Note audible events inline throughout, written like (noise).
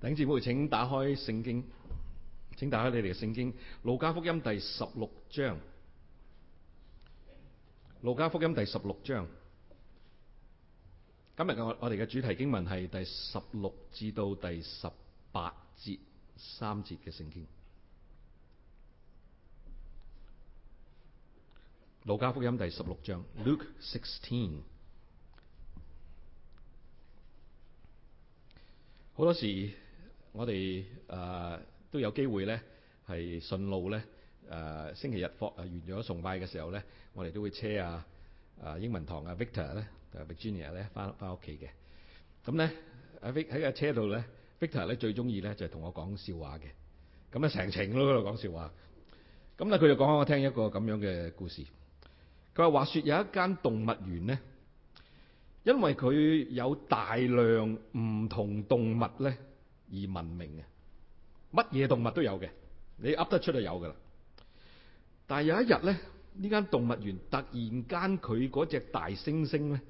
弟兄姊妹，請打開聖經，請打開你哋嘅聖經《路加福音》第十六章，《路加福音》第十六章。今日我我哋嘅主題經文係第十六至到第十八節三節嘅聖經，《路加福音》第十六章 （Luke 16）。好多時。我哋啊、呃、都有機會咧，係順路咧。誒、呃、星期日放誒完咗崇拜嘅時候咧，我哋都會車啊啊英文堂啊 Vict 呢呢呢呢 Victor 咧同 Virginia 咧翻翻屋企嘅。咁咧喺喺架車度咧，Victor 咧最中意咧就係、是、同我講笑話嘅。咁咧成程都喺度講笑話。咁咧佢就講開我聽一個咁樣嘅故事。佢話：話説有一間動物園咧，因為佢有大量唔同動物咧，而聞名嘅，乜嘢動物都有嘅，你噏得出就有噶啦。但係有一日咧，呢間動物園突然間佢嗰隻大猩猩咧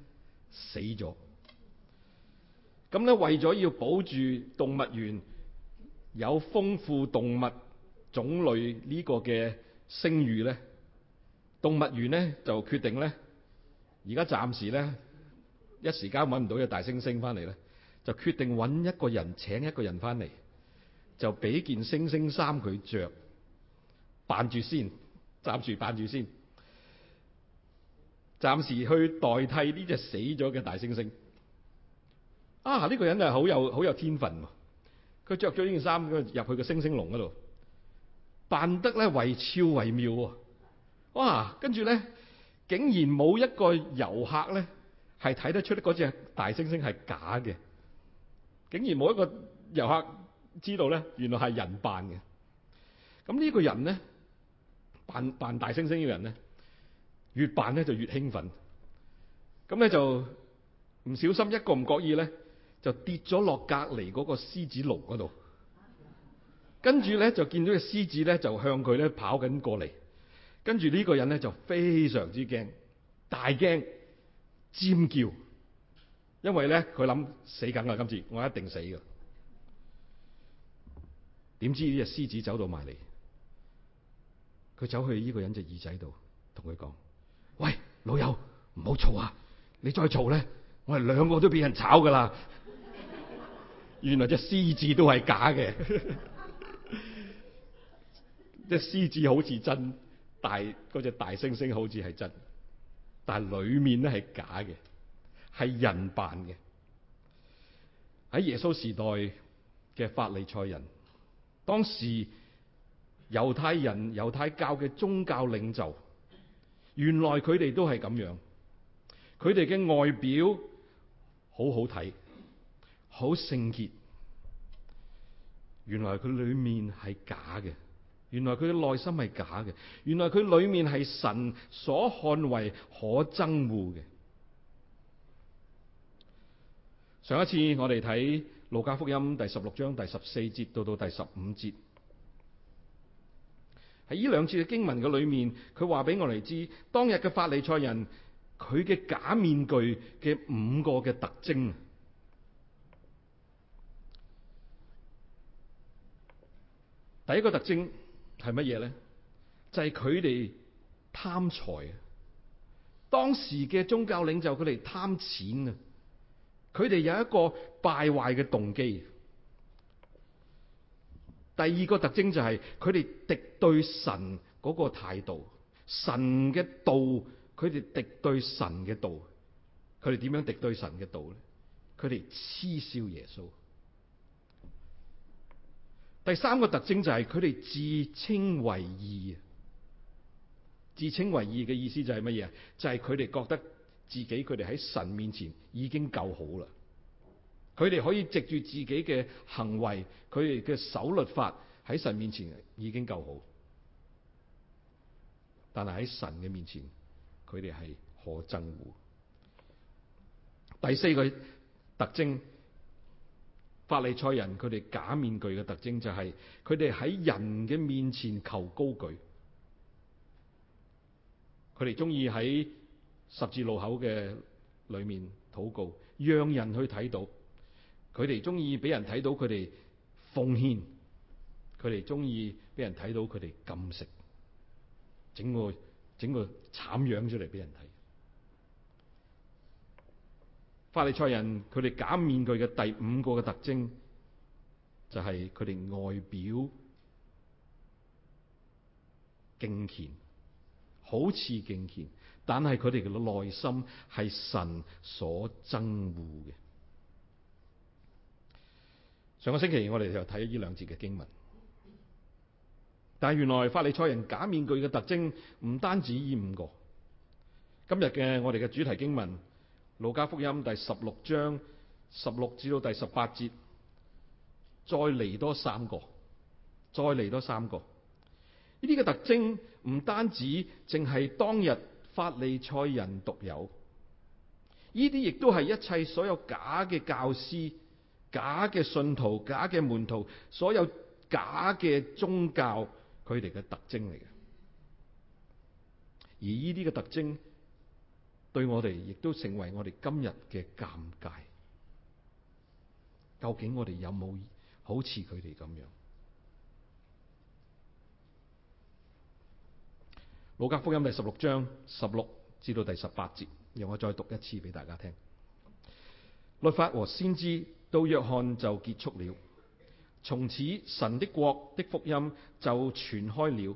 死咗。咁咧為咗要保住動物園有豐富動物種類呢個嘅聲譽咧，動物園咧就決定咧，而家暫時咧一時間揾唔到隻大猩猩返嚟咧。就決定，揾一個人，請一個人翻嚟，就俾件猩猩衫佢着扮住先，暫住扮住先，暫時去代替呢隻死咗嘅大猩猩啊！呢、呢個人啊，好有好有天分喎。佢着咗呢件衫，入去個猩猩籠嗰度，扮得咧惟肖惟妙喎。哇！跟住咧，竟然冇一個遊客咧係睇得出咧嗰隻大猩猩係假嘅。竟然冇一個遊客知道咧，原來係人扮嘅。咁呢個人咧，扮扮大猩猩嘅人咧，越扮咧就越興奮。咁咧就唔小心一個唔覺意咧，就跌咗落隔離嗰個獅子籠嗰度。跟住咧就見到隻獅子咧就向佢咧跑緊過嚟，跟住呢個人咧就非常之驚，大驚尖叫。因為咧佢諗死梗啦，今次我一定死噶。點知呢隻獅子走到埋嚟，佢走去呢個人隻耳仔度同佢講：喂，老友，唔好嘈啊！你再嘈咧，啊，我哋兩個都俾人炒噶啦。 (laughs) 原來隻獅子都係假嘅，隻 (laughs) 獅子好似真，但嗰隻大猩猩好似係真，但係裏面咧係假嘅。係人扮嘅，喺耶穌時代嘅法利賽人，當時猶太人、猶太教嘅宗教領袖，原來佢哋都係咁樣，佢哋嘅外表好好睇，好聖潔，原來佢裏面係假嘅，原來佢嘅內心係假嘅，原來佢裏面係神所看為可憎惡嘅。上一次我哋睇路加福音第十六章第十四節到到第十五節，喺呢兩節嘅經文嘅裏面，佢話俾我哋知當日嘅法利賽人佢嘅假面具嘅五個嘅特徵。第一個特徵係乜嘢呢？就係佢哋貪財啊！當時嘅宗教領袖佢哋貪錢啊！佢哋有一個敗壞嘅動機。第二個特徵就係佢哋敵對神嗰個態度，神嘅道，佢哋敵對神嘅道。佢哋點樣敵對神嘅道咧？佢哋嗤笑耶穌。第三個特徵就係佢哋自稱為義。自稱為義嘅意思就係乜嘢？就係佢哋覺得。自己佢哋喺神面前已經夠好啦，佢哋可以藉住自己嘅行為，佢哋嘅守律法喺神面前已經夠好，但係喺神嘅面前佢哋係可憎污。第四個特徵，法利賽人佢哋假面具嘅特徵就係佢哋喺人嘅面前求高舉，佢哋中意喺十字路口嘅裏面禱告，讓人去睇到，佢哋中意俾人睇到佢哋奉獻，佢哋中意俾人睇到佢哋禁食，整個整個慘樣出嚟俾人睇。法利賽人，佢哋假面具嘅第五個嘅特徵，就係佢哋外表敬虔，好似敬虔。但係佢哋嘅內心係神所憎惡嘅。上個星期我哋就睇咗呢兩節嘅經文，但係原來法利賽人假面具嘅特徵唔單止呢五個。今日嘅我哋嘅主題經文《路加福音》第十六章十六至到第十八節，再嚟多三個，再嚟多三個。呢啲嘅特徵唔單止淨係當日。法利賽人獨有，呢啲亦都係一切所有假嘅教師、假嘅信徒、假嘅門徒、所有假嘅宗教，佢哋嘅特徵嚟嘅。而呢啲嘅特徵，對我哋亦都成為我哋今日嘅尷尬。究竟我哋有冇好似佢哋咁樣？路加福音第十六章十六至到第十八節，讓我再讀一次俾大家聽。律法和先知到約翰就結束了，從此神的國的福音就傳開了，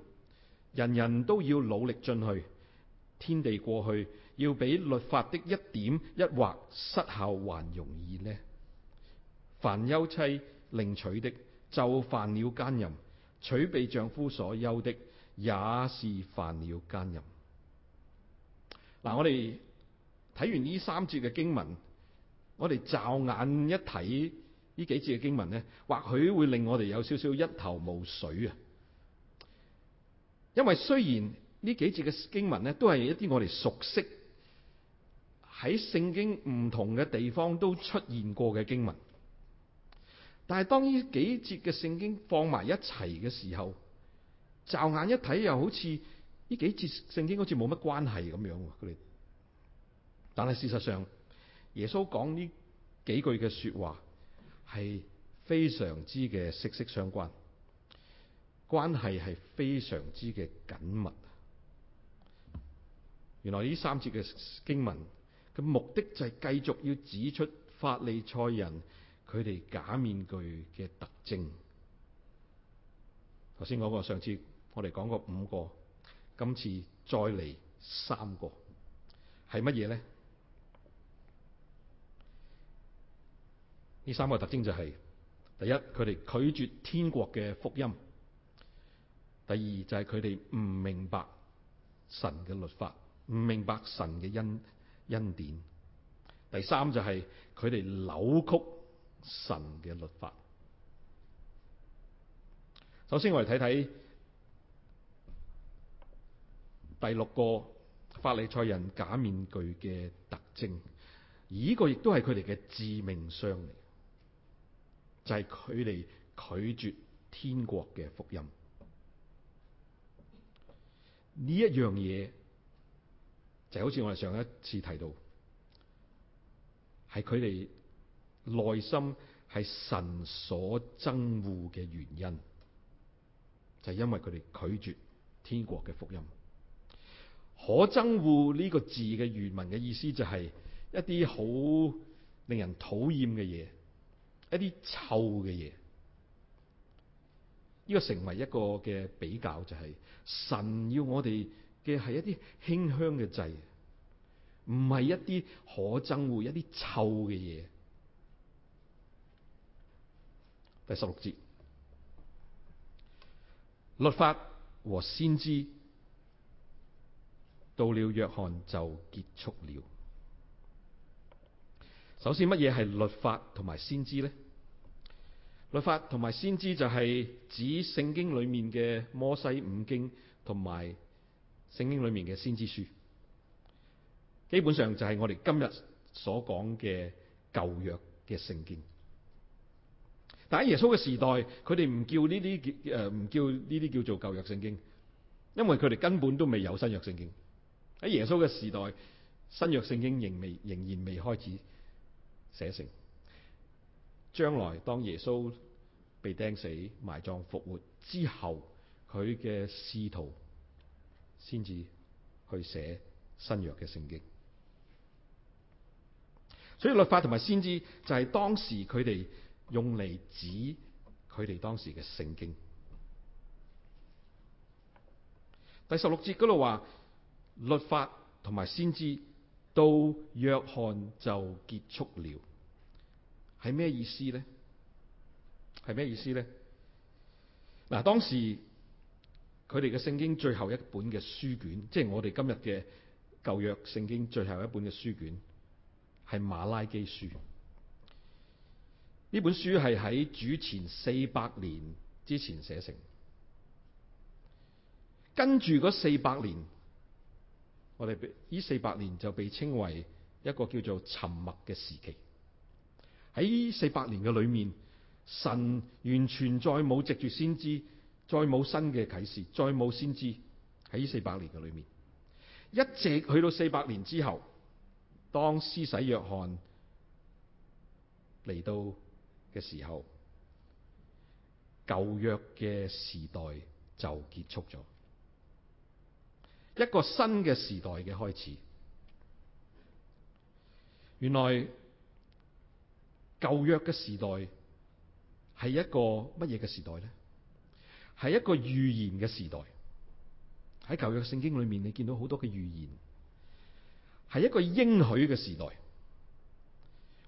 人人都要努力進去。天地過去，要比律法的一點一劃失效還容易呢？凡休妻另娶的，就犯了奸淫；娶被丈夫所休的，也是犯了奸淫。嗱，我哋睇完呢三節嘅經文，我哋驟眼一睇呢幾節嘅經文呢，或許會令我哋有少少一頭霧水啊！因為雖然呢幾節嘅經文呢，都係一啲我哋熟悉，喺聖經唔同嘅地方都出現過嘅經文，但係當呢幾節嘅聖經放埋一齊嘅時候，驟眼一睇又好似呢幾節聖經好似冇乜關係咁樣，佢哋，但係事實上耶穌講呢幾句嘅說話係非常之嘅息息相關，關係係非常之嘅緊密。原來呢三節嘅經文嘅目的就係繼續要指出法利賽人佢哋假面具嘅特徵。頭先講過上次。我哋講過五個，今次再嚟三個，係乜嘢咧？呢三個特徵就係、是：第一，佢哋拒絕天國嘅福音；第二，就係佢哋唔明白神嘅律法，唔明白神嘅恩恩典；第三，就係佢哋扭曲神嘅律法。首先，我哋睇睇。第六個法利賽人假面具嘅特徵，而呢個亦都係佢哋嘅致命傷嚟，就係佢哋拒絕天國嘅福音。呢一樣嘢就好似我哋上一次提到，係佢哋內心係神所憎惡嘅原因，就係因為佢哋拒絕天國嘅福音。可憎惡呢個字嘅原文嘅意思就係一啲好令人討厭嘅嘢，一啲臭嘅嘢。呢、這個成為一個嘅比較就係神要我哋嘅係一啲馨香嘅祭，唔係一啲可憎惡、一啲臭嘅嘢。第十六節，律法和先知。到了約翰就結束了。首先，乜嘢係律法同埋先知呢？律法同埋先知就係指聖經裏面嘅摩西五經同埋聖經裏面嘅先知書，基本上就係我哋今日所講嘅舊約嘅聖經。但喺耶穌嘅時代，佢哋唔叫呢啲、呃、叫誒唔叫呢啲叫做舊約聖經，因為佢哋根本都未有新約聖經。喺耶穌嘅時代，新約聖經仍未仍然未開始寫成。將來當耶穌被釘死、埋葬復、復活之後，佢嘅仕徒先至去寫新約嘅聖經。所以律法同埋先知就係當時佢哋用嚟，指佢哋當時嘅聖經。第十六節嗰度話。律法同埋先知到約翰就結束了，係咩意思呢？係咩意思呢？嗱，當時佢哋嘅聖經最後一本嘅書卷，即係我哋今日嘅舊約聖經最後一本嘅書卷，係馬拉基書。呢本書係喺主前四百年之前寫成，跟住嗰四百年。我哋呢四百年就被稱為一個叫做沉默嘅時期。喺呢四百年嘅裏面，神完全再冇藉住先知，再冇新嘅啟示，再冇先知喺呢四百年嘅裏面，一直去到四百年之後，當施洗約翰嚟到嘅時候，舊約嘅時代就結束咗。一個新嘅時代嘅開始，原來舊約嘅時代係一個乜嘢嘅時代咧？係一個預言嘅時代，舊時代，喺舊約聖經裏面，你見到好多嘅預言，係一個應許嘅時代。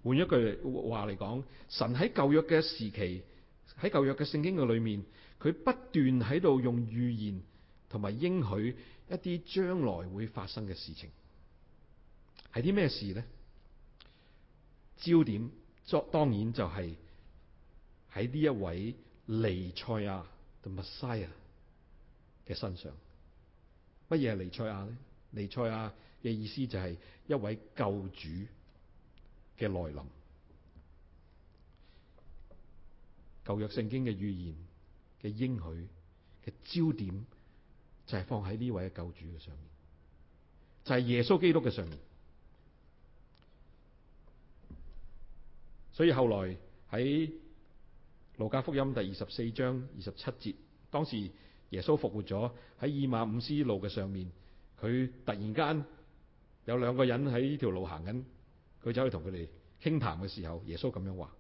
換一句話嚟講，神喺舊約嘅時期，喺舊約嘅聖經嘅裏面，佢不斷喺度用預言。同埋應許一啲將來會發生嘅事情，係啲咩事呢？焦點作當然就係喺呢一位尼賽亞同默西亞嘅身上。乜嘢係尼賽亞呢？尼賽亞嘅意思就係一位救主嘅來臨，舊約聖經嘅預言嘅應許嘅焦點。就係放喺呢位救主嘅上面，就係耶穌基督嘅上面。所以後來喺《路加福音》第二十四章二十七節，當時耶穌復活咗喺以馬五斯路嘅上面，佢突然間有兩個人喺呢條路行緊，佢走去同佢哋傾談嘅時候，耶穌咁樣話：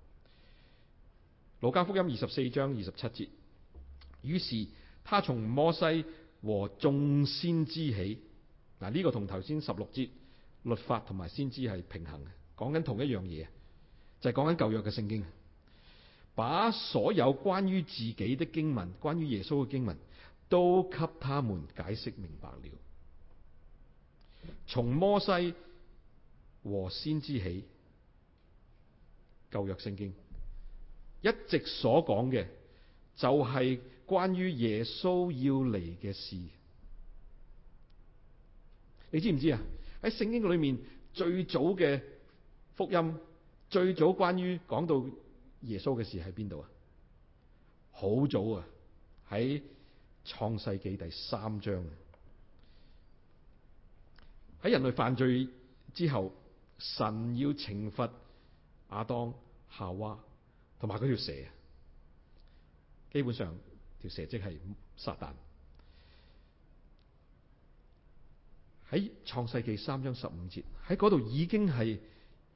《路加福音》二十四章二十七節。於是他從摩西和眾先知起，嗱呢個同頭先十六節律法同埋先知係平衡嘅，講緊同一樣嘢，就係講緊舊約嘅聖經，把所有關於自己的經文、關於耶穌嘅經文，都給他們解釋明白了。從摩西和先知起，舊約聖經一直所講嘅就係。關於耶穌要嚟嘅事，你知唔知啊？喺聖經裏面最早嘅福音，最早關於講到耶穌嘅事喺邊度啊？好早啊，喺創世紀第三章。喺人類犯罪之後，神要懲罰亞當、夏娃同埋嗰條蛇啊，基本上。蛇即係撒旦，喺創世紀三章十五節，喺嗰度已經係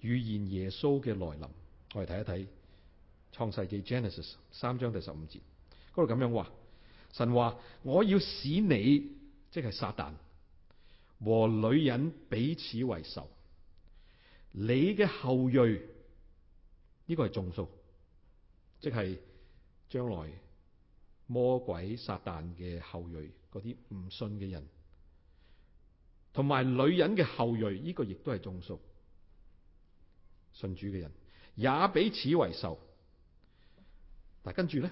預言耶穌嘅來臨。我哋睇一睇創世紀 Genesis 三章第十五節嗰度咁樣話：神話我要使你即係撒旦和女人彼此為仇，你嘅後裔呢個係眾數，即係將來。魔鬼撒旦嘅後裔，嗰啲唔信嘅人，同埋女人嘅後裔，呢個亦都係眾數信主嘅人，也彼此為仇。但跟住咧，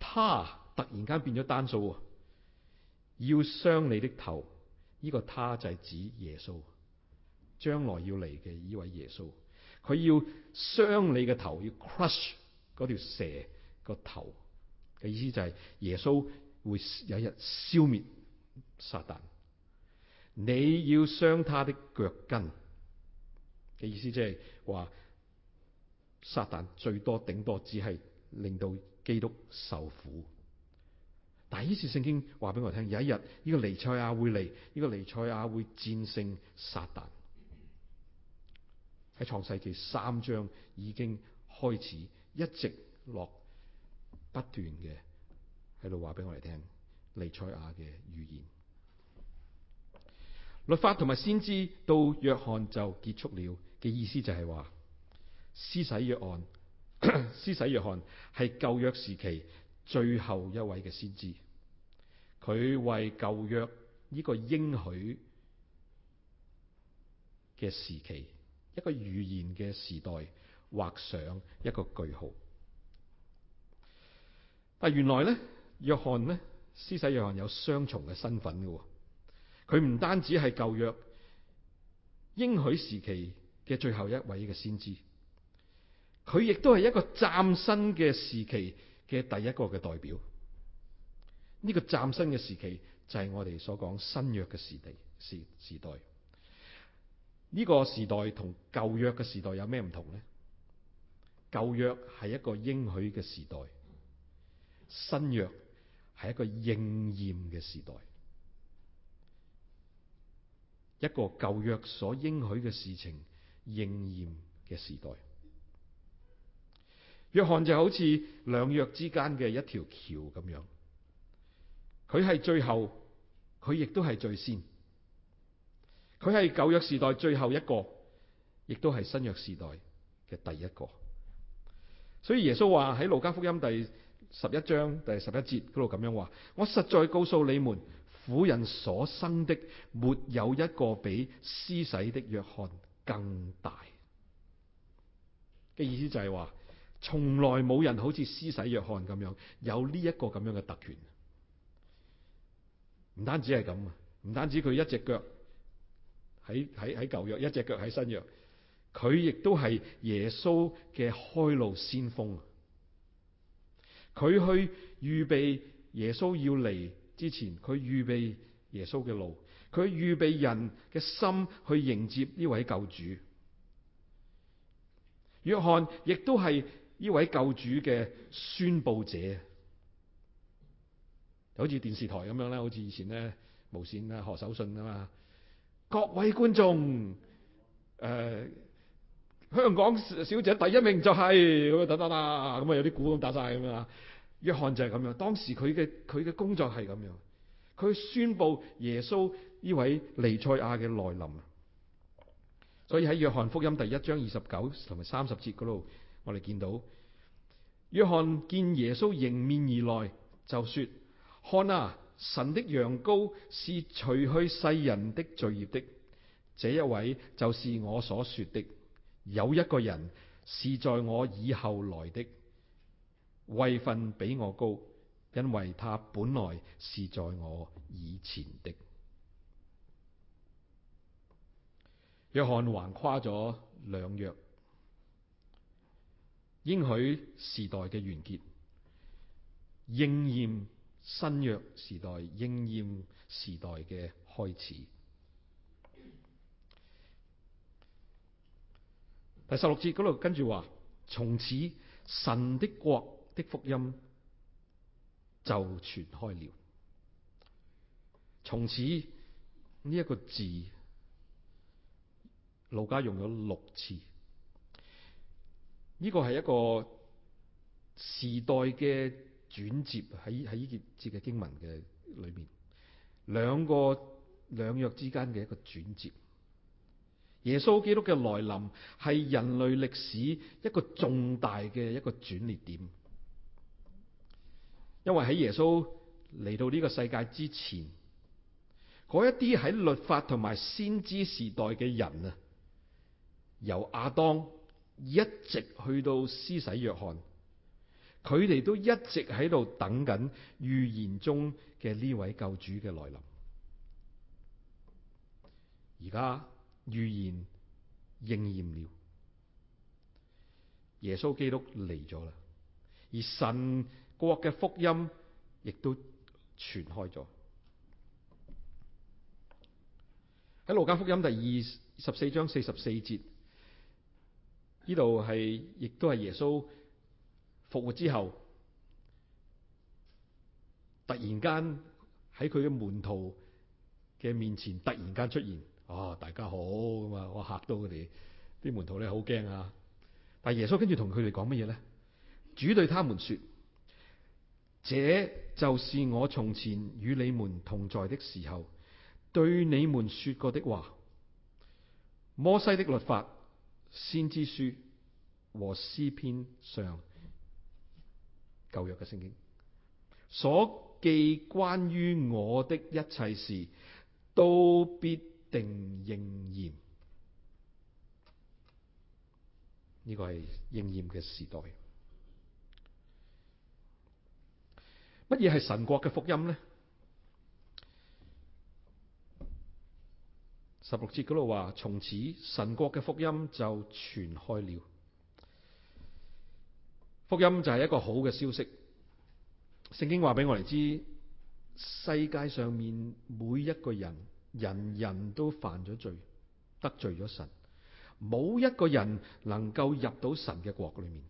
他突然間變咗單數啊！要傷你的頭，呢個他就係指耶穌，將來要嚟嘅呢位耶穌，佢要傷你嘅頭，要 crush 嗰條蛇個頭。嘅意思就係耶穌會有一日消滅撒旦，你要傷他的腳跟。嘅意思即係話撒旦最多頂多只係令到基督受苦，但係呢次聖經話俾我聽，有一日呢個彌賽亞會嚟，呢個彌賽亞會戰勝撒旦。喺創世紀三章已經開始，一直落。不斷嘅喺度話俾我哋聽彌賽亞嘅預言。律法同埋先知到約翰就結束了嘅意思就係話，施洗約翰施 (coughs) 洗約翰係舊約時期最後一位嘅先知，佢為舊約呢個應許嘅時期一個預言嘅時代畫上一個句號。啊，原來呢，約翰呢，施洗約翰有雙重嘅身份嘅。哦，佢唔單止係舊約應許時期嘅最後一位嘅先知，佢亦都係一個嶄新嘅時期嘅第一個嘅代表。呢、呢個嶄新嘅時期就係我哋所講新約嘅時代。時時代呢、呢個時代同舊約嘅時代有咩唔同呢？舊約係一個應許嘅時代。新約係一個應驗嘅時代，一個舊約所應許嘅事情應驗嘅時代。約翰就好似兩約之間嘅一條橋咁樣，佢係最後，佢亦都係最先，佢係舊約時代最後一個，亦都係新約時代嘅第一個。所以耶穌話喺路加福音第。十一章第十一節嗰度咁樣話：「我實在告訴你們，婦人所生的沒有一個比施洗的約翰更大。」嘅意思就係話，從來冇人好似施洗約翰咁樣有呢一個咁樣嘅特權。唔單止係咁啊，唔單止佢一隻腳喺喺喺舊約，一隻腳喺新約，佢亦都係耶穌嘅開路先鋒。佢去預備耶穌要嚟之前，佢預備耶穌嘅路，佢預備人嘅心去迎接呢位救主。約翰亦都係呢位救主嘅宣布者，好似電視台咁樣啦，好似以前咧無綫啊何守信啊嘛，各位觀眾誒。呃香港小姐第一名就係咁啊，等等啦，咁啊有啲鼓都打晒咁啊。約翰就係咁樣，當時佢嘅佢嘅工作係咁樣，佢宣佈耶穌呢位彌賽亞嘅來臨啊。所以喺約翰福音第一章二十九同埋三十節嗰度，我哋見到約翰見耶穌迎面而來，就說：看啊，神的羊羔是除去世人的罪孽的，這一位就是我所說的。有一個人是在我以後來的，位份比我高，因為他本來是在我以前的。約翰橫跨咗兩約，應許時代嘅完結，應驗新約時代，應驗時代嘅開始。第十六節嗰度跟住話，從此神的國的福音就傳開了。從此呢一個字，路加用咗六次。呢個係一個時代嘅轉折喺喺呢節嘅經文嘅裏面，兩個兩約之間嘅一個轉折。耶穌基督嘅來臨係人類歷史一個重大嘅一個轉捩點，因為喺耶穌嚟到呢個世界之前，嗰一啲喺律法同埋先知時代嘅人啊，由亞當一直去到施洗約翰，佢哋都一直喺度等緊預言中嘅呢位救主嘅來臨。而家。預言應驗了，耶穌基督嚟咗啦，而神國嘅福音亦都傳開咗。喺《路加福音》第二十四章四十四節，呢度係亦都係耶穌復活之後，突然間喺佢嘅門徒嘅面前突然間出現。啊、哦，大家好咁啊！我吓到佢哋啲門徒咧，好驚啊！但耶穌跟住同佢哋講乜嘢咧？主對他們說：這就是我從前與你們同在的時候，對你們說過的話。摩西的律法、先知書和詩篇上舊約嘅聖經，所記關於我的一切事，都必。定應驗，呢個係應驗嘅時代。乜嘢係神國嘅福音呢？十六節嗰度話，從此神國嘅福音就傳開了。福音就係一個好嘅消息。聖經話俾我哋知，世界上面每一個人。人人都犯咗罪，得罪咗神，冇一個人能夠入到神嘅國裏面。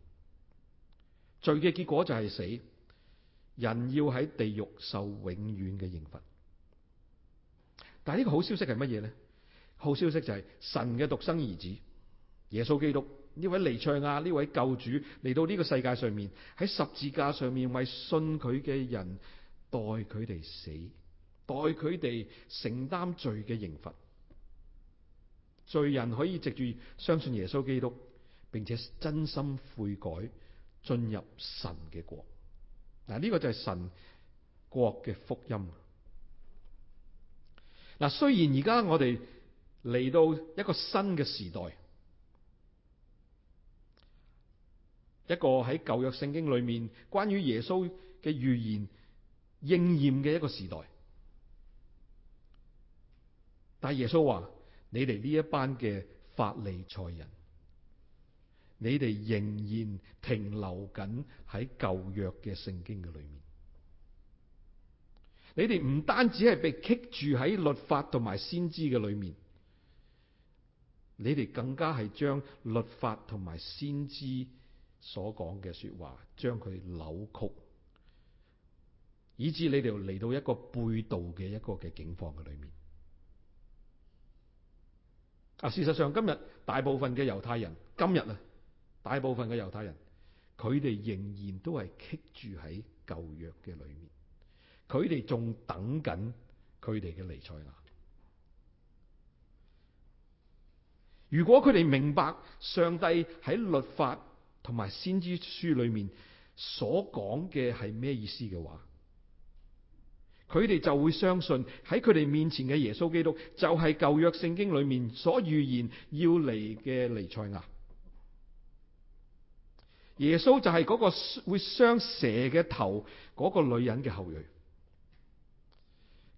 罪嘅結果就係死，人要喺地獄受永遠嘅刑罰。但係呢個好消息係乜嘢咧？好消息就係神嘅獨生兒子耶穌基督呢位彌賽亞，呢位救主嚟到呢個世界上面，喺十字架上面為信佢嘅人代佢哋死。代佢哋承擔罪嘅刑罰，罪人可以藉住相信耶穌基督，並且真心悔改，進入神嘅國。嗱，呢個就係神國嘅福音。嗱，雖然而家我哋嚟到一個新嘅時代，一個喺舊約聖經裏面關於耶穌嘅預言應驗嘅一個時代。但耶穌話，你哋呢一班嘅法利賽人，你哋仍然停留緊喺舊約嘅聖經嘅裏面。你哋唔單止係被棘住喺律法同埋先知嘅裏面，你哋更加係將律法同埋先知所講嘅說話，將佢扭曲，以致你哋嚟到一個背道嘅一個嘅境況嘅裏面。啊，事實上今日大部分嘅猶太人，今日啊，大部分嘅猶太人，佢哋仍然都係卡住喺舊約嘅裏面，佢哋仲等緊佢哋嘅彌賽亞。如果佢哋明白上帝喺律法同埋先知書裏面所講嘅係咩意思嘅話，佢哋就會相信喺佢哋面前嘅耶穌基督就係舊約聖經裏面所預言要嚟嘅彌賽亞。耶穌就係嗰個會傷蛇嘅頭，嗰個女人嘅後裔。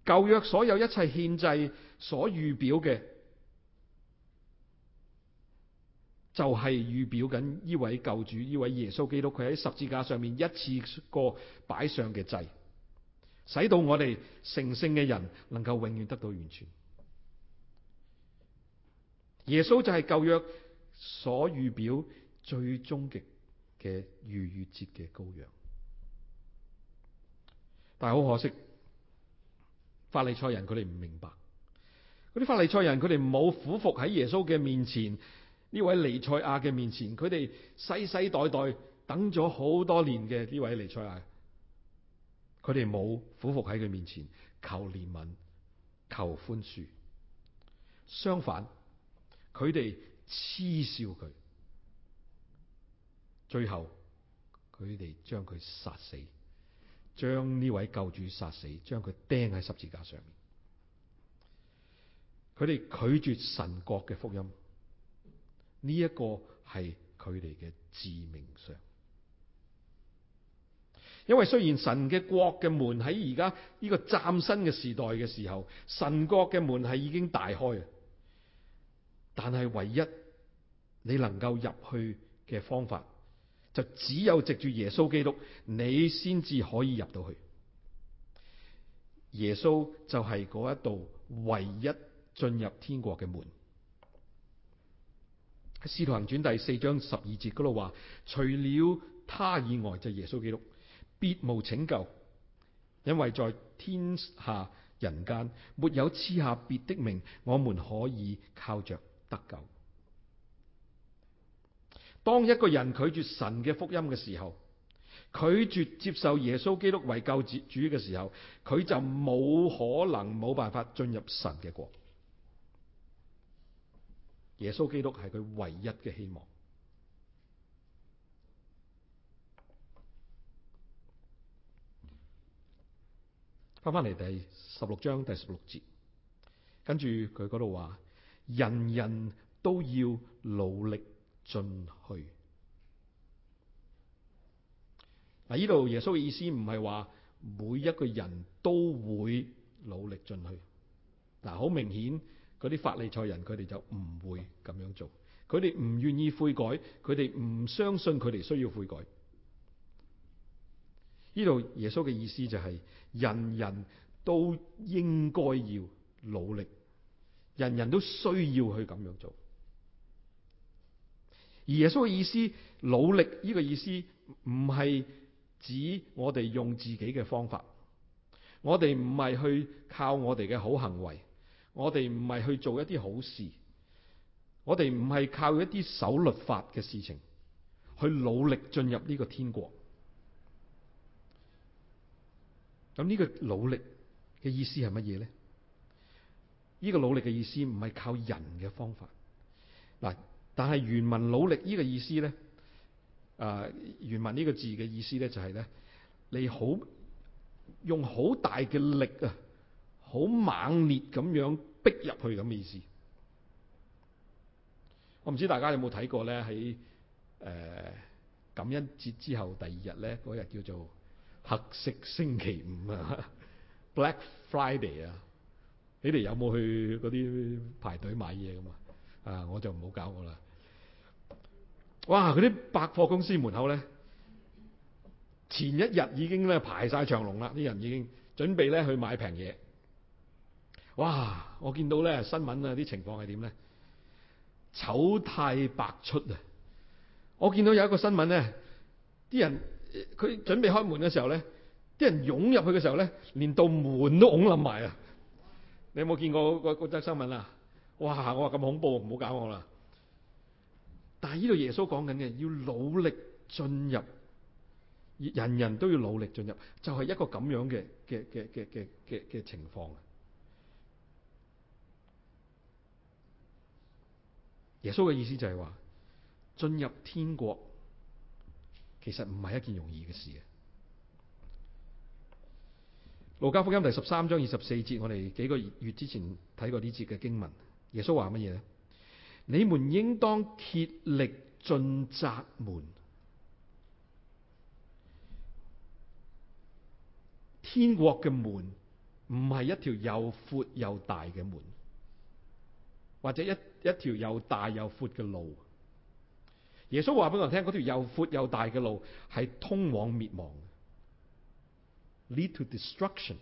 舊約所有一切獻祭所預表嘅，就係預表緊呢位救主、呢位耶穌基督。佢喺十字架上面一次過擺上嘅祭。使到我哋成聖嘅人能夠永遠得到完全。耶穌就係舊約所預表最終極嘅逾越節嘅羔羊，但係好可惜，法利賽人佢哋唔明白，嗰啲法利賽人佢哋冇俯伏喺耶穌嘅面前，呢位彌賽亞嘅面前，佢哋世世代代等咗好多年嘅呢位彌賽亞。佢哋冇俯伏喺佢面前，求憐憫、求寬恕。相反，佢哋癡笑佢，最後佢哋將佢殺死，將呢位救主殺死，將佢釘喺十字架上面。佢哋拒絕神國嘅福音，呢一個係佢哋嘅致命傷。因為雖然神嘅國嘅門喺而家呢個嶄新嘅時代嘅時候，神國嘅門係已經大開啊，但係唯一你能夠入去嘅方法，就只有藉住耶穌基督，你先至可以入到去。耶穌就係一道唯一進入天國嘅門。喺《使徒行傳》第四章十二節度話，除了他以外就係耶穌基督，別無拯救，因為在天下人間沒有賜下別的名，我們可以靠着得救。當一個人拒絕神嘅福音嘅時候，拒絕接受耶穌基督為救主主嘅時候，佢就冇可能冇辦法進入神嘅國。耶穌基督係佢唯一嘅希望。翻翻嚟第十六章第十六節，跟住佢嗰度話，人人都要努力進去。嗱，呢度耶穌嘅意思唔係話每一個人都會努力進去。嗱，好明顯嗰啲法利賽人佢哋就唔會咁樣做，佢哋唔願意悔改，佢哋唔相信佢哋需要悔改。呢度耶穌嘅意思就係人人都應該要努力，人人都需要去咁樣做。而耶穌嘅意思，努力呢個意思唔係指我哋用自己嘅方法，我哋唔係去靠我哋嘅好行為，我哋唔係去做一啲好事，我哋唔係靠一啲守律法嘅事情去努力進入呢個天國。咁呢個努力嘅意思係乜嘢咧？呢、呢個努力嘅意思唔係靠人嘅方法。嗱，但係原文努力呢個意思咧，啊、呃、原文呢個字嘅意思咧就係、係、咧，你好用好大嘅力啊，好猛烈咁樣逼入去咁嘅意思。我唔知大家有冇睇過咧，喺誒、呃、感恩節之後第二日咧，嗰日叫做。黑色星期五啊，Black Friday 啊，你哋有冇去嗰啲排隊買嘢咁啊？啊，我就唔好搞我啦。哇！嗰啲百貨公司門口咧，前一日已經咧排晒長龍啦，啲人已經準備咧去買平嘢。哇！我見到咧新聞啊，啲情況係點咧？醜態百出啊！我見到有一個新聞咧，啲人。佢準備開門嘅時候咧，啲人湧入去嘅時候咧，連道門都拱冧埋啊！你有冇見過嗰個國際新聞啊？哇！我話咁恐怖，唔好搞我啦！但係呢度耶穌講緊嘅，要努力進入，人人都要努力進入，就係一個咁樣嘅嘅嘅嘅嘅嘅嘅情況啊！耶穌嘅意思就係話，進入天國。其實唔係一件容易嘅事嘅。路加福音第十三章二十四節，我哋幾個月之前睇過呢節嘅經文。耶穌話乜嘢咧？你們應當竭力進窄門。天國嘅門唔係一條又闊又大嘅門，或者一一條又大又闊嘅路。耶穌話俾我聽，嗰條又闊又大嘅路係通往滅亡嘅，lead to destruction。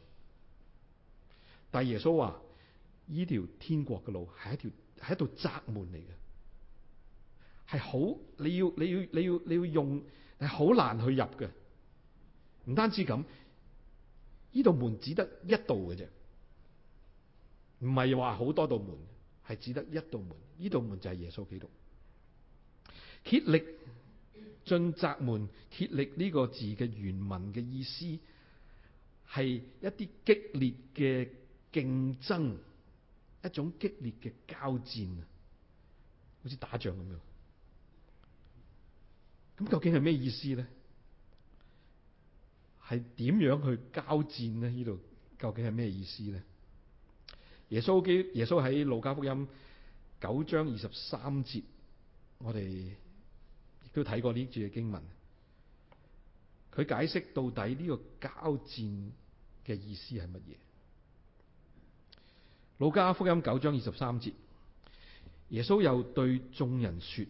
但係耶穌話，呢條天國嘅路係一條係一道窄門嚟嘅，係好你要你要你要你要，你要用係好難去入嘅，唔單止咁，呢道門只得一道嘅啫，唔係話好多道門，係只得一道門，呢道門就係耶穌基督。竭力進窄門，竭力呢個字嘅原文嘅意思係一啲激烈嘅競爭，一種激烈嘅交戰啊，好似打仗咁樣。咁究竟係咩意思咧？係點樣去交戰呢？呢度究竟係咩意思咧？耶穌基耶穌喺路加福音九章二十三節，我哋。都睇過呢次嘅經文，佢解釋到底呢個交戰嘅意思係乜嘢？《路加福音》九章二十三節，耶穌又對眾人説：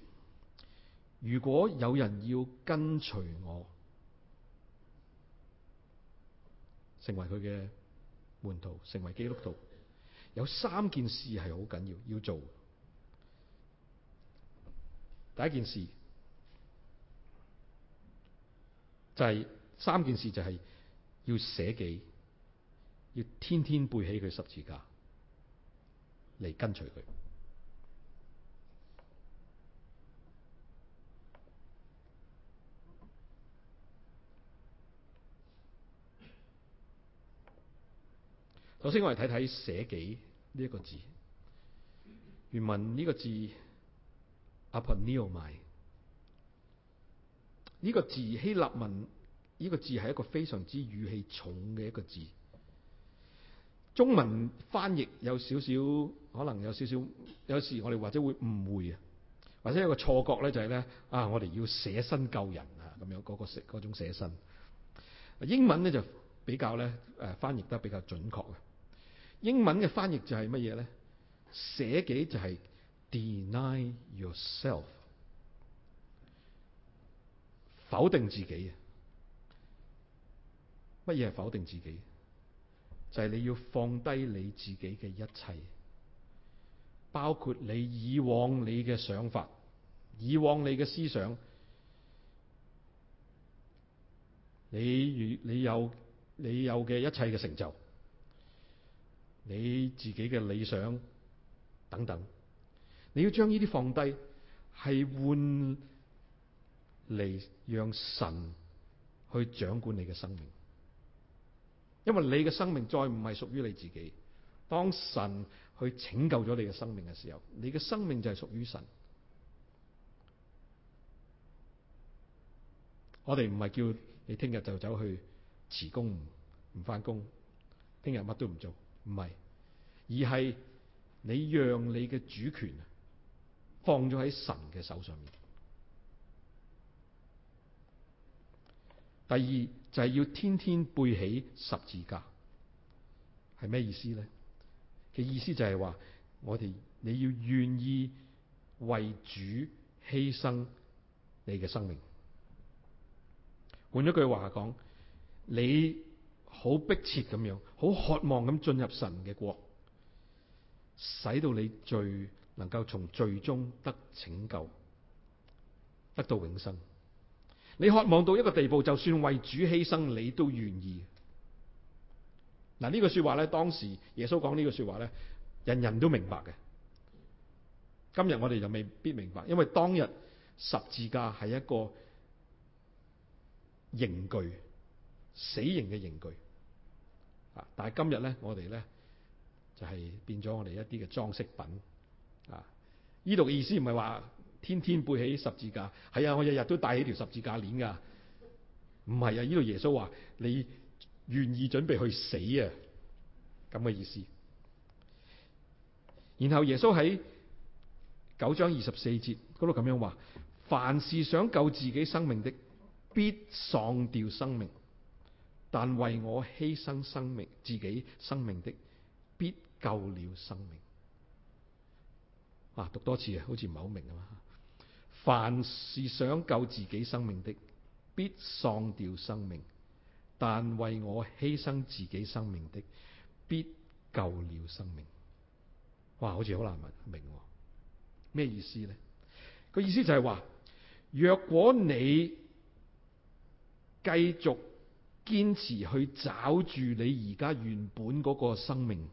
如果有人要跟隨我，成為佢嘅門徒，成為基督徒，有三件事係好緊要要做。第一件事。就係、是、三件事，就係要捨己，要天天背起佢十字架嚟跟隨佢。首先我哋睇睇捨己呢一個字，原文呢個字阿婆尼奧埋。呢個字希臘文呢、這個字係一個非常之語氣重嘅一個字。中文翻譯有少少，可能有少少，有時我哋或者會誤會啊，或者有個錯覺咧、就是，就係咧啊，我哋要捨身救人啊，咁樣嗰、那個捨身。英文咧就比較咧誒、呃、翻譯得比較準確啊。英文嘅翻譯就係乜嘢咧？捨己就係 deny yourself。否定自己啊！乜嘢係否定自己？就係、是、你要放低你自己嘅一切，包括你以往你嘅想法、以往你嘅思想、你與你有你有嘅一切嘅成就、你自己嘅理想等等。你要將呢啲放低，係換。嚟讓神去掌管你嘅生命，因為你嘅生命再唔係屬於你自己。當神去拯救咗你嘅生命嘅時候，你嘅生命就係屬於神。我哋唔係叫你聽日就走去辭工唔唔返工，聽日乜都唔做，唔係，而係你讓你嘅主權放咗喺神嘅手上面。第二就係、是、要天天背起十字架，係咩意思咧？其意思就係話，我哋你要願意為主犧牲你嘅生命。換咗句話講，你好迫切咁樣，好渴望咁進入神嘅國，使到你最能夠從罪中得拯救，得到永生。你渴望到一個地步，就算為主犧牲，你都願意。嗱，呢個說話咧，當時耶穌講呢個說話咧，人人都明白嘅。今日我哋就未必明白，因為當日十字架係一個刑具，死刑嘅刑具。啊，但係今日咧，我哋咧就係變咗我哋一啲嘅裝飾品。啊，呢度意思唔係話。天天背起十字架，係啊，我日日都戴起條十字架鏈噶。唔係啊，呢度耶穌話：你願意準備去死啊？咁嘅意思。然後耶穌喺九章二十四節度咁樣話：凡是想救自己生命的，必喪掉生命；但為我犧牲生命、自己生命的，必救了生命。啊，讀多次啊，好似唔係好明啊嘛。凡是想救自己生命的，必喪掉生命；但為我犧牲自己生命的，必救了生命。哇，好似好難明，咩意思咧？個意思就係話，若果你繼續堅持去找住你而家原本嗰個生命，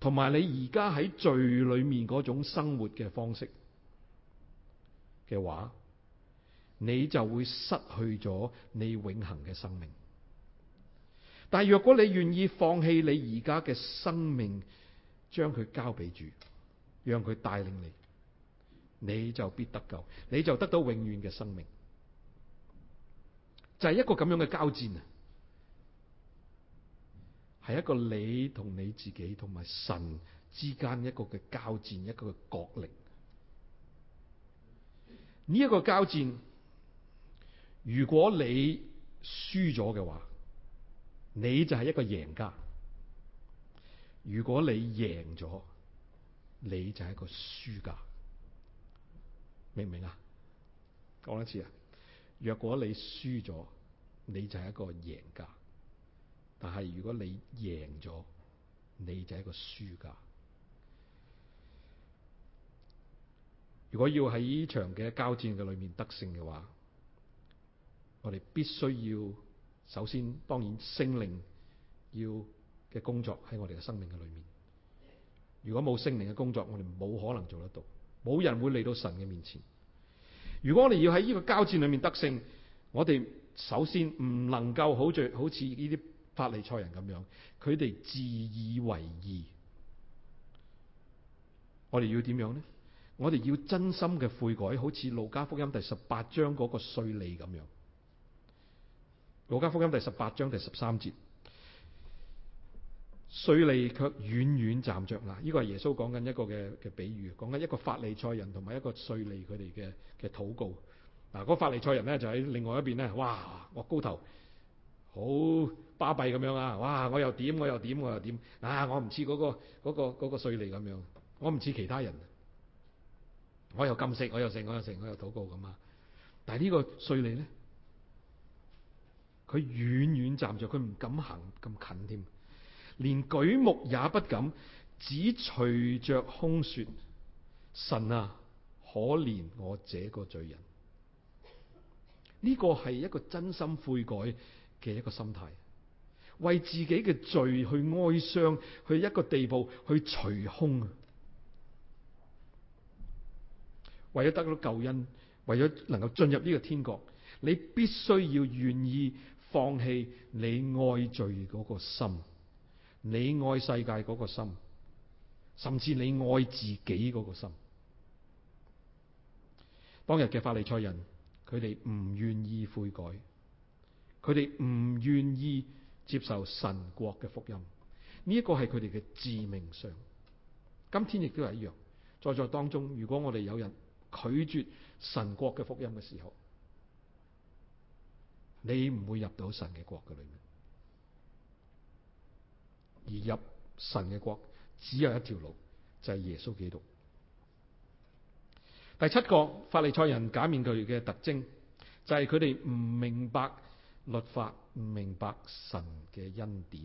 同埋你而家喺罪裏面嗰種生活嘅方式嘅話，你就會失去咗你永恒嘅生命。但係若果你願意放棄你而家嘅生命，將佢交俾主，讓佢帶領你，你就必得救，你就得到永遠嘅生命。就係一個咁樣嘅交戰啊，係一個你同你自己同埋神之間一個嘅交戰，一個嘅角力。呢一個交戰，如果你輸咗嘅話，你就係一個贏家；如果你贏咗，你就係一個輸家。明唔明啊？講一次啊！若果你輸咗，你就係一個贏家；但係如果你贏咗，你就係一個輸家。如果要喺呢場嘅交戰嘅裏面得勝嘅話，我哋必須要首先，當然聖靈要嘅工作喺我哋嘅生命嘅裏面。如果冇聖靈嘅工作，我哋冇可能做得到，冇人會嚟到神嘅面前。如果我哋要喺呢個交戰裏面得勝，我哋首先唔能夠好似好似呢啲法利賽人咁樣，佢哋自以為義。我哋要點樣呢？我哋要真心嘅悔改，好似路加福音第十八章嗰個稅吏咁樣。路加福音第十八章第十三節，稅吏卻遠遠站着，嗱，呢個係耶穌講緊一個嘅嘅比喻，講緊一個法利賽人同埋一個稅吏佢哋嘅嘅禱告。嗱，個法利賽人咧，就喺另外一邊咧，哇，我高頭，好巴閉咁樣啊，哇，我又點我又點我又點，啊，我唔似嗰個嗰個嗰個稅吏咁樣，我唔似其他人。我又禁食，我又食，我又食，我又禱告咁啊！但係呢個稅吏咧，佢遠遠站着，佢唔敢行咁近添，連舉目也不敢，只隨着空說，神啊，可憐我這個罪人！呢個係一個真心悔改嘅一個心態，為自己嘅罪去哀傷，去一個地步去除空啊！為咗得到救恩，為咗能夠進入呢個天國，你必須要願意放棄你愛罪嗰個心，你愛世界嗰個心，甚至你愛自己嗰個心。當日嘅法利賽人，佢哋唔願意悔改，佢哋唔願意接受神國嘅福音，呢一個係佢哋嘅致命傷。今天亦都係一樣，在座當中，如果我哋有人，拒絕神國嘅福音嘅時候，你唔會入到神嘅國嘅裏面，而入神嘅國只有一條路，就係、是、耶穌基督。第七個法利賽人假面具嘅特徵，就係佢哋唔明白律法，唔明白神嘅恩典。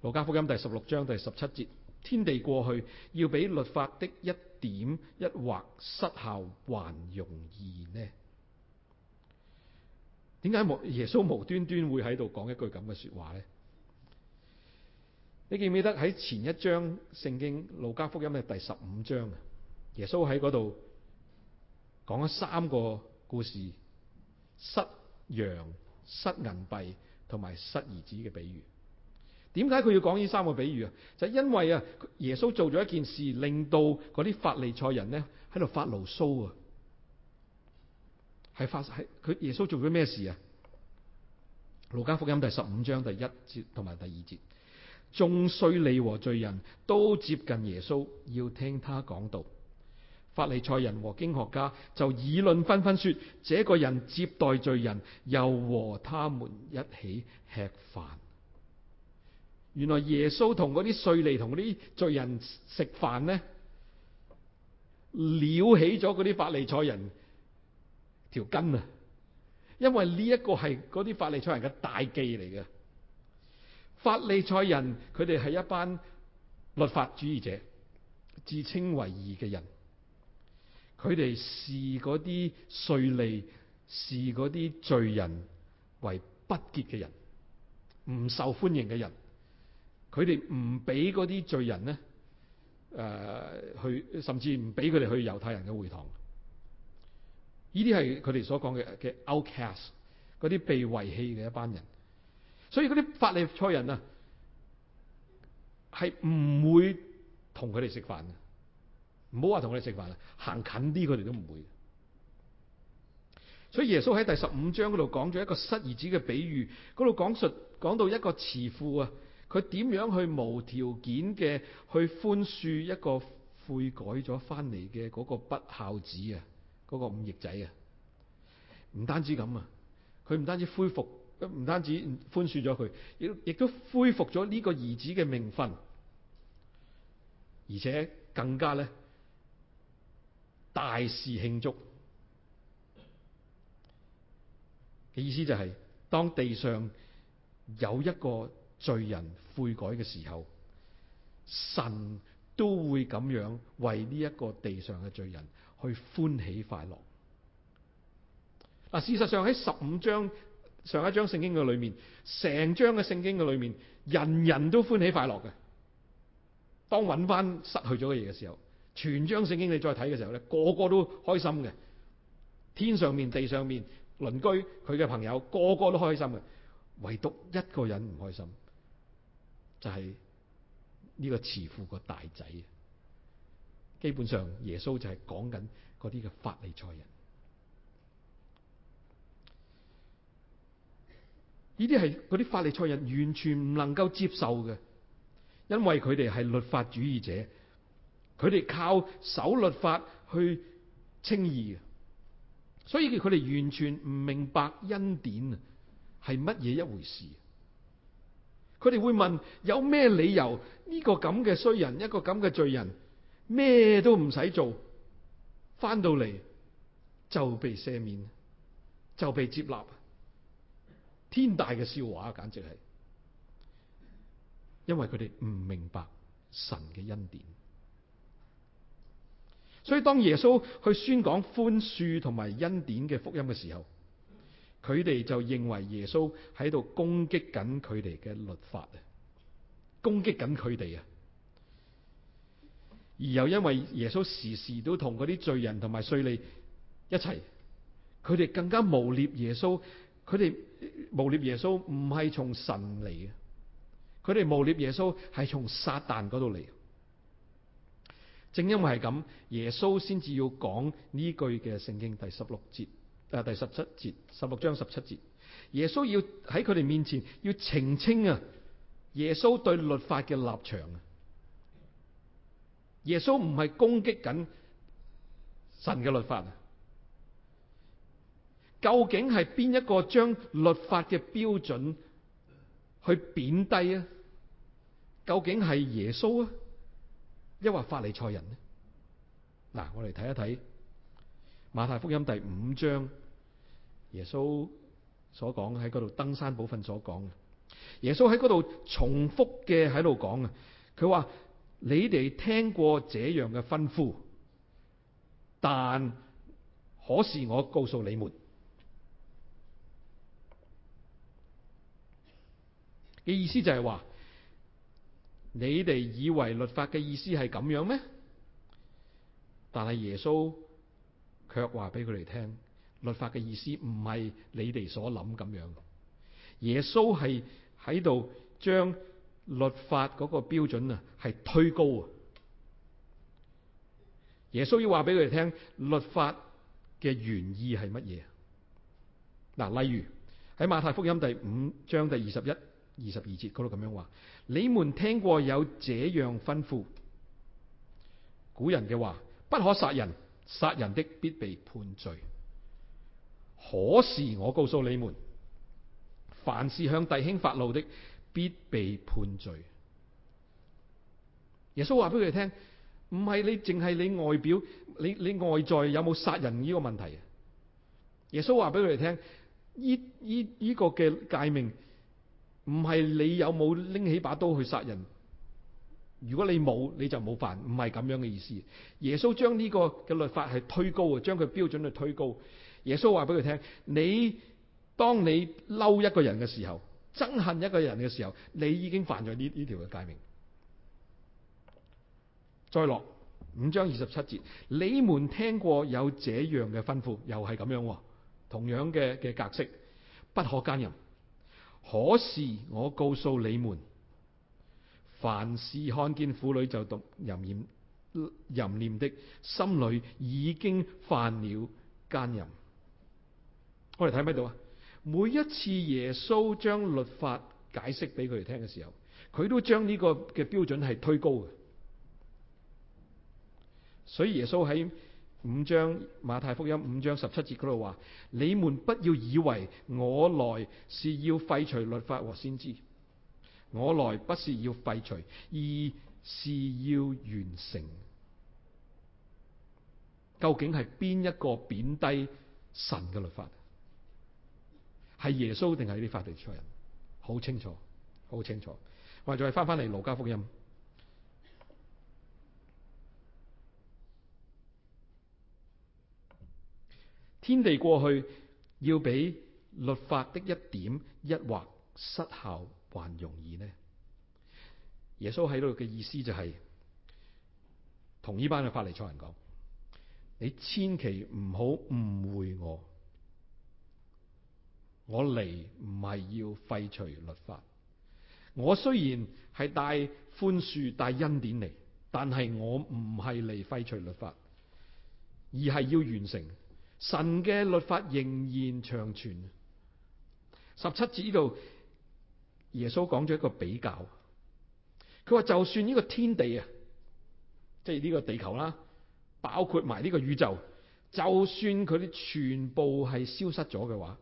路加福音第十六章第十七節：天地過去，要俾律法的一。點一劃失效還容易呢？點解無耶穌無端端會喺度講一句咁嘅說話咧？你記唔記得喺前一章聖經路加福音嘅第十五章啊？耶穌喺嗰度講咗三個故事：失羊、失銀幣同埋失兒子嘅比喻。點解佢要講呢三個比喻啊？就因為啊，耶穌做咗一件事，令到嗰啲法利賽人呢喺度發牢騷啊，係發係佢耶穌做咗咩事啊？路加福音第十五章第一節同埋第二節，眾稅吏和罪人都接近耶穌，要聽他講道。法利賽人和經學家就議論紛紛說：這個人接待罪人，又和他們一起吃飯。原來耶穌同啲稅吏同啲罪人食飯咧，撩起咗啲法利賽人條筋啊！因為呢一個係啲法利賽人嘅大忌嚟嘅。法利賽人佢哋係一班律法主義者，自稱為義嘅人。佢哋視啲稅吏視啲罪人為不潔嘅人，唔受歡迎嘅人。佢哋唔俾嗰啲罪人咧，誒、呃、去，甚至唔俾佢哋去猶太人嘅會堂。呢啲係佢哋所講嘅嘅 outcast，嗰啲被遺棄嘅一班人。所以嗰啲法利賽人啊，係唔會同佢哋食飯嘅。唔好話同佢哋食飯啦，行近啲佢哋都唔會。所以耶穌喺第十五章嗰度講咗一個失兒子嘅比喻，嗰度講述，講到一個慈父啊。佢點樣去無條件嘅去寬恕一個悔改咗翻嚟嘅嗰個不孝子啊？嗰、那個忤逆仔啊？唔單止咁啊，佢唔單止恢復，唔單止寬恕咗佢，亦亦都恢復咗呢個兒子嘅名分，而且更加咧大肆慶祝嘅意思就係、是，當地上有一個。罪人悔改嘅時候，神都會咁樣為呢一個地上嘅罪人去歡喜快樂。嗱，事實上喺十五章上一章聖經嘅裏面，成章嘅聖經嘅裏面，人人都歡喜快樂嘅。當揾翻失去咗嘅嘢嘅時候，全章聖經你再睇嘅時候咧，個個都開心嘅。天上面、地上面、鄰居、佢嘅朋友，個個都開心嘅，唯獨一個人唔開心。就係呢個慈父個大仔啊，基本上耶穌就係講緊嗰啲嘅法利賽人，呢啲係嗰啲法利賽人完全唔能夠接受嘅，因為佢哋係律法主義者，佢哋靠守律法去稱義嘅，所以佢哋完全唔明白恩典係乜嘢一回事。佢哋會問，有咩理由呢個咁嘅衰人，一個咁嘅罪人，咩都唔使做，翻到嚟就被赦免，就被接納，天大嘅笑話啊！簡直係，因為佢哋唔明白神嘅恩典。所以當耶穌去宣講寬恕同埋恩典嘅福音嘅時候，佢哋就認為耶穌喺度攻擊緊佢哋嘅律法啊，攻擊緊佢哋啊，而又因為耶穌時時都同嗰啲罪人同埋稅吏一齊，佢哋更加誣衊耶穌。佢哋誣衊耶穌唔係從神嚟嘅，佢哋誣衊耶穌係從撒旦嗰度嚟。正因為係咁，耶穌先至要講呢句嘅聖經第十六節，誒，第十七節，十六章十七節，耶穌要喺佢哋面前要澄清啊，耶穌對律法嘅立場啊，耶穌唔係攻擊緊神嘅律法啊，究竟係邊一個將律法嘅標準去貶低啊？究竟係耶穌啊，抑或法利賽人咧啊？嗱，我哋睇一睇馬太福音第五章。耶穌所講喺度登山寶訓所講嘅，耶穌喺度重複嘅喺度講啊，佢話你哋聽過這樣嘅吩咐，但可是我告訴你們嘅意思就係話，你哋以為律法嘅意思係咁樣咩？但係耶穌卻話俾佢哋聽。律法嘅意思唔係你哋所諗咁樣。耶穌係喺度將律法嗰個標準啊，係推高啊。耶穌要話俾佢哋聽，律法嘅原意係乜嘢嗱，例如喺馬太福音第五章第二十一、二十二節嗰度咁樣話：你們聽過有這樣吩咐，古人嘅話，不可殺人，殺人的必被判罪。可是我告訴你們，凡是向弟兄發怒的，必被判罪。耶穌話俾佢哋聽，唔係你淨係你外表，你你外在有冇殺人呢個問題。耶穌話俾佢哋聽，依依依個嘅誡命，唔係你有冇拎起把刀去殺人。如果你冇，你就冇犯，唔係咁樣嘅意思。耶穌將呢個嘅律法係推高啊，將佢標準去推高。耶穌話俾佢聽：你當你嬲一個人嘅時候，憎恨一個人嘅時候，你已經犯咗呢呢條嘅誡命。再落五章二十七節，你們聽過有這樣嘅吩咐，又係咁樣，哦，同樣嘅嘅格式，不可姦淫。可是我告訴你們，凡是看見婦女就動淫念，淫念的，心裏已經犯了姦淫。我哋睇唔到啊？每一次耶穌將律法解釋俾佢哋聽嘅時候，佢都將呢個嘅標準係推高嘅。所以耶穌喺五章馬太福音五章十七節嗰度話：你們不要以為我來是要廢除律法和先知，我來不是要廢除，而是要完成。究竟係邊一個貶低神嘅律法？係耶穌定係呢啲法利賽人？好清楚，好清楚。或者係翻翻嚟路加福音，天地過去要比律法的一點一劃失效還容易呢？耶穌喺度嘅意思就係同呢班嘅法利賽人講：你千祈唔好誤會我。我嚟唔係要廢除律法。我雖然係帶寬恕、帶恩典嚟，但係我唔係嚟廢除律法，而係要完成神嘅律法仍然長存。十七節呢度，耶穌講咗一個比較。佢話就算呢個天地啊，即係呢個地球啦，包括埋呢個宇宙，就算佢哋全部係消失咗嘅話。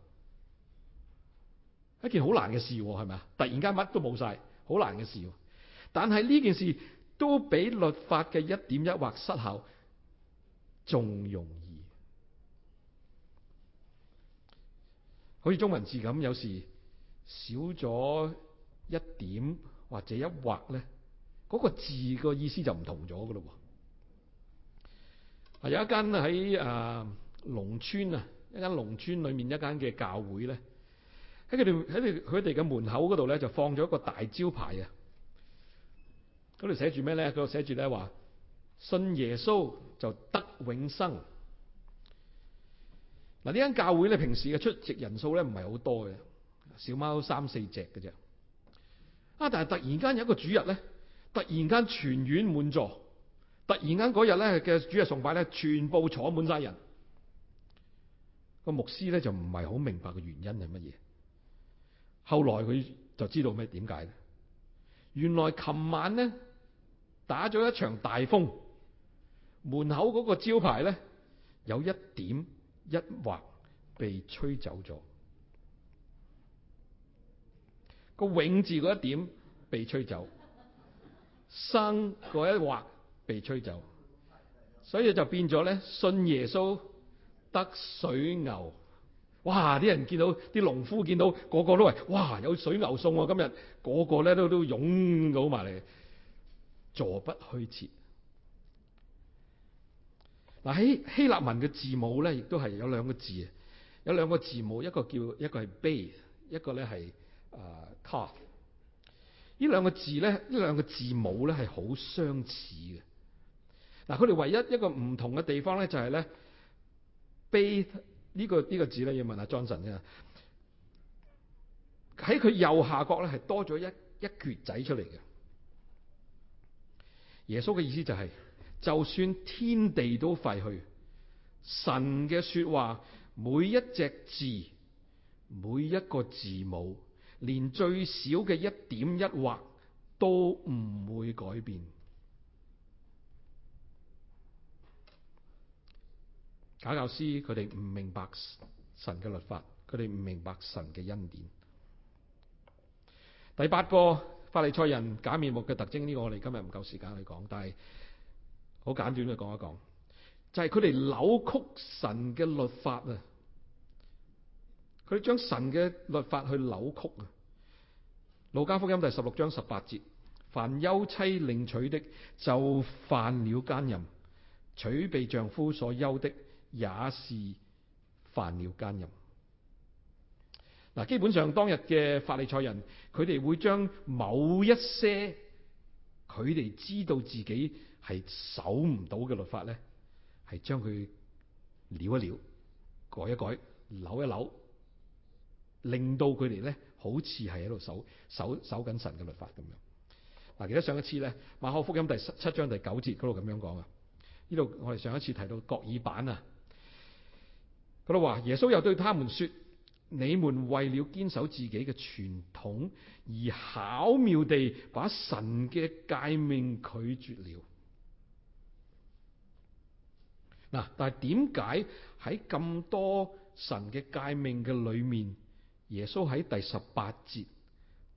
一件好難嘅事喎，係咪啊？突然間乜都冇晒，好難嘅事。但係呢件事都比律法嘅一點一畫失效仲容易。好似中文字咁，有時少咗一點或者一畫咧，嗰個字個意思就唔同咗噶咯。喎，啊有一間喺啊、呃、農村啊，一間農村裏面一間嘅教會咧。喺佢哋喺佢哋嘅門口嗰度咧，就放咗一個大招牌啊！嗰度寫住咩咧？嗰度寫住咧話：信耶穌就得永生。嗱，呢間教會咧，平時嘅出席人數咧唔係好多嘅，小貓三四隻嘅啫。啊！但係突然間有一個主日咧，突然間全院滿座，突然間嗰日咧嘅主日崇拜咧，全部坐滿晒人。個牧師咧就唔係好明白嘅原因係乜嘢？後來佢就知道咩點解咧？原來琴晚咧打咗一場大風，門口嗰個招牌咧有一點一劃被吹走咗，個永字一點被吹走，生一劃被吹走，所以就變咗咧信耶穌得水牛。哇！啲人見到啲農夫見到個個都係哇有水牛送我今日個個咧都都湧到埋嚟座無虛席嗱喺希臘文嘅字母咧，亦都係有兩個字啊有兩個字母，一個叫一個係 B，a 一個咧係啊 K 呢兩個字咧，呢兩個字母咧係好相似嘅嗱佢哋唯一一個唔同嘅地方咧就係咧 B。呢個呢個字咧，要問下莊臣啊，喺佢右下角咧，係多咗一一橛仔出嚟嘅。耶穌嘅意思就係、是，就算天地都廢去，神嘅說話每一隻字、每一個字母，連最少嘅一點一畫都唔會改變。假教師佢哋唔明白神嘅律法，佢哋唔明白神嘅恩典。第八個法利賽人假面目嘅特徵呢個我哋今日唔夠時間去講，但係好簡短去講一講，就係佢哋扭曲神嘅律法啊！佢將神嘅律法去扭曲啊！《路加福音》第十六章十八節：凡休妻另娶的就犯了奸淫，娶被丈夫所休的。也是犯了奸淫。嗱，基本上當日嘅法利賽人，佢哋會將某一些佢哋知道自己係守唔到嘅律法咧，係將佢撩一撩、改一改、扭一扭，令到佢哋咧好似係喺度守、守、守緊神嘅律法咁樣。嗱，記得上一次咧，馬可福音第七章第九節嗰度咁樣講啊，呢度我哋上一次提到國耳版啊。我都話耶穌又對他們說：你們為了堅守自己嘅傳統，而巧妙地把神嘅誡命拒絕了。嗱，但係點解喺咁多神嘅誡命嘅裏面，耶穌喺第十八節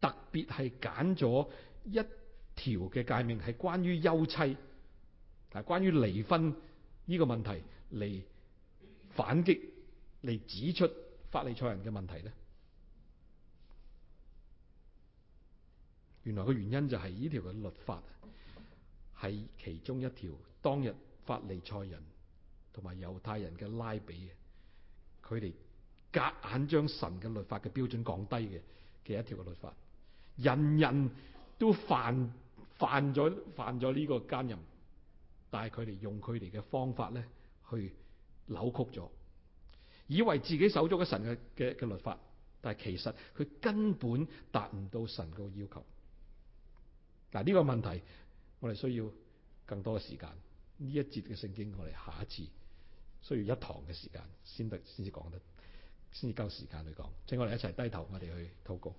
特別係揀咗一條嘅誡命，係關於休妻，係關於離婚呢個問題嚟反擊嚟指出法利賽人嘅問題咧，原來個原因就係呢條嘅律法係其中一條當日法利賽人同埋猶太人嘅拉比，佢哋夾硬將神嘅律法嘅標準降低嘅，嘅一條嘅律法，人人都犯犯咗犯咗呢個奸淫，但係佢哋用佢哋嘅方法咧去扭曲咗。以為自己守咗個神嘅嘅嘅律法，但係其實佢根本達唔到神個要求。嗱、這、呢個問題，我哋需要更多嘅時間。呢一節嘅聖經，我哋下一次需要一堂嘅時間先得，先至講得，先至夠時間去講。請我哋一齊低頭我，我哋去禱告。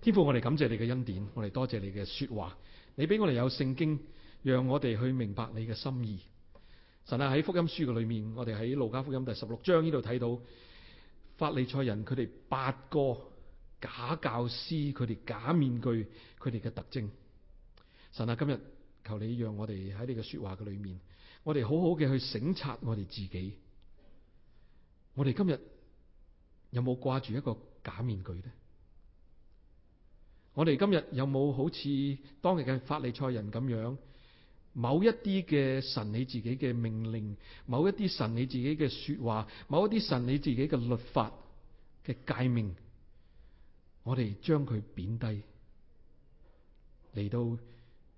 天父，我哋感謝你嘅恩典，我哋多謝你嘅說話。你俾我哋有聖經，讓我哋去明白你嘅心意。神啊，喺福音書嘅裏面，我哋喺路加福音第十六章呢度睇到法利賽人佢哋八個假教師，佢哋假面具，佢哋嘅特徵。神啊，今日求你讓我哋喺你嘅說話嘅裏面，我哋好好嘅去省察我哋自己。我哋今日有冇掛住一個假面具呢？我哋今日有冇好似當日嘅法利賽人咁樣？某一啲嘅神你自己嘅命令，某一啲神你自己嘅說話，某一啲神你自己嘅律法嘅誡命，我哋將佢貶低，嚟到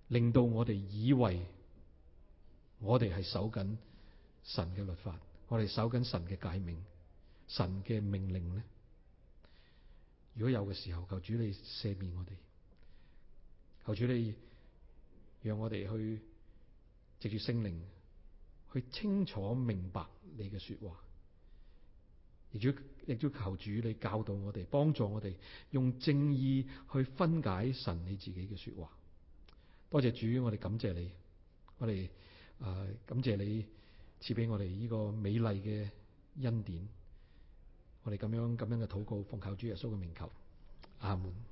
令到我哋以為我哋係守緊神嘅律法，我哋守緊神嘅誡命，神嘅命令咧，如果有嘅時候，求主你赦免我哋，求主你讓我哋去。藉住聖靈去清楚明白你嘅說話，亦都亦都求主你教導我哋，幫助我哋用正義去分解神你自己嘅說話。多謝主，我哋感謝你，我哋誒、呃、感謝你賜俾我哋呢個美麗嘅恩典，我哋咁樣咁樣嘅禱告，奉靠主耶穌嘅名求，阿門。